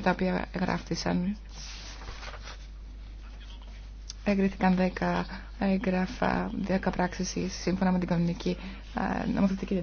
για τα οποία γράφτησαν. Εγκρίθηκαν 10 έγγραφα, 10 πράξεις σύμφωνα με την κανονική ε, νομοθετική